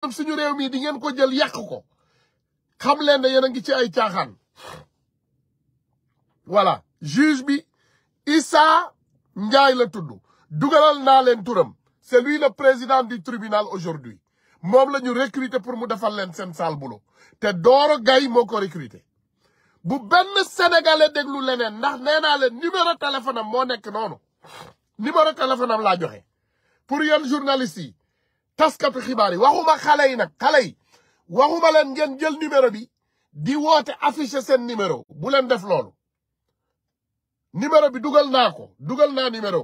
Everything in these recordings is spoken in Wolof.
am suñu rew mi di ngeen ko jël yak ko xam leen da yeena ngi ci ay tiaxan voilà juge bi isa la tuddu dugalal na leen turam c'est lui le président du tribunal aujourd'hui mom la ñu recruter pour mu defal leen sen sal bulo té dooro gay moo ko recruter bu ben sénégalais déglu leneen ndax néna le leen numéro téléphone am moo nekk noonu numéro téléphone am la joxé pour yeen journalistes taskatu xibaar yi waxuma xale yi nag xale yi leen ngeen jël numéro bi di woote affiché seen numéro bu leen def loolu numéro bi dugal naa ko dugal naa numéro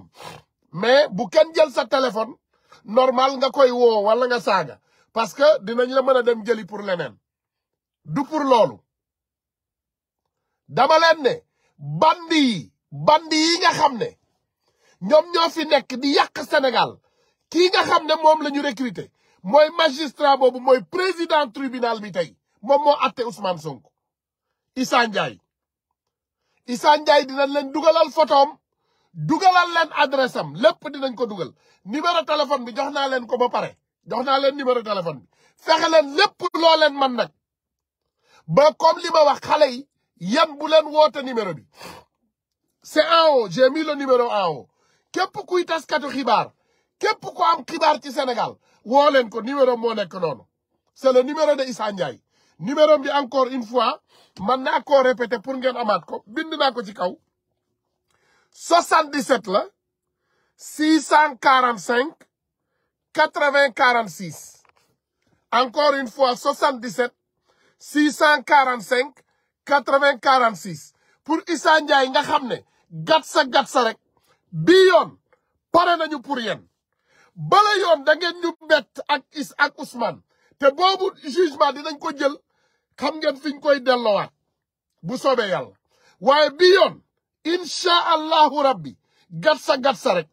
mais bu kenn jël sa téléphone normal nga koy woo walla nga saaga parce que dinañ la mën a dem jëli pour leneen du pour loolu dama leen ne bandi yi nga xam ne ñoom ñoo fi nekk di yàq senegal kii nga xam ne moom la ñu recruter mooy magistrat boobu mooy président tribunal bi tey moom moo atte Ousmane Sonko Issa Ndiaye Issa Ndiaye dinañ leen dugalal photoom dugalal leen adresse am lépp dinañ ko dugal numéro téléphone bi jox naa leen ko ba pare jox naa leen numéro téléphone bi fexe leen lépp loo leen man nag ba comme li ma wax xale yi yan bu leen woote numéro bi c'est en haut j'ai mis le numéro en képp kuy taskatu xibaar képp ko am xibaar ci Sénégal woo leen ko numéro moo nekk noonu c'est numéro de Issa Ndiaye numéro bi encore une fois man naa koo répété pour ngeen amaat ko bind naa ko ci kaw 77 la 645 80 46 encore une fois 77 645 80 46 pour Issa Ndiaye nga xam ne gat sa gat sa rek bii yoon pare nañu pour yéen bala yoon da ngeen ñu bet ak is ak Ousmane te bobu jugement dinañ ko jël xam ngeen fiñ koy wat bu soobee yalla waye bi yoon incha Allah rabbi gatsa gatsa rek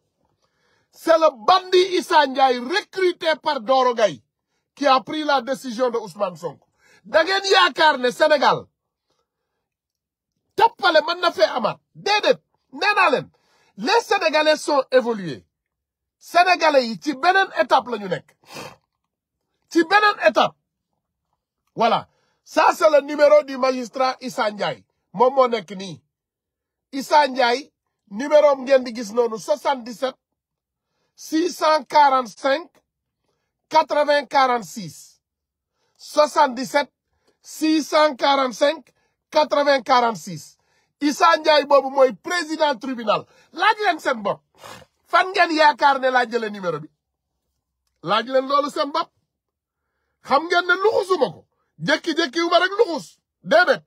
c'est le bandit Issa recruté par Doro gay qui a pris la décision de Ousmane Sonko da ngeen yaakar ne Sénégal Tapale man na fe amaat dedet nee les Sénégalais sont évolués sénégalais yi ci beneen étape la ñu nekk ci beneen étape voilà ça c'est le numéro du magistrat Issa nekk nii Issa Ndiaye numéro am ngeen di gis noonu 77 645 80 46 77 645 80 46 Issa Ndiaye boobu mooy président tribunal laaj leen seen bopp fan ngeen yaakaar ne laa jëlee numéro bi laaj leen loolu seen bopp xam ngeen ne luxusuma ko jékki-jékki wu ma rek luxus déedéet